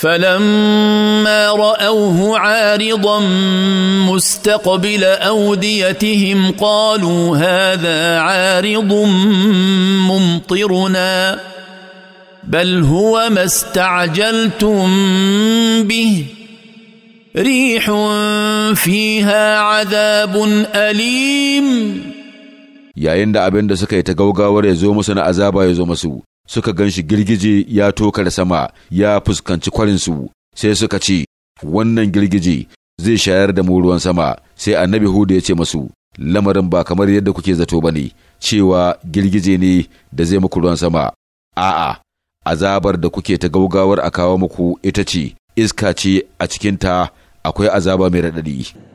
فلما راوه عارضا مستقبل اوديتهم قالوا هذا عارض ممطرنا بل هو ما استعجلتم به ريح فيها عذاب اليم يا عند أبن da غوغا yi ta gaugawar ya suka gan shi girgije ya tokar sama ya fuskanci kwarinsu sai suka ce wannan girgije zai shayar da mu ruwan sama sai annabi hudu ya ce masu lamarin ba kamar yadda kuke zato ba ne cewa girgije ne da zai muku ruwan sama a'a azabar da kuke ta gaugawar a kawo muku ita ce iska ce a cikinta akwai azaba mai raɗaɗi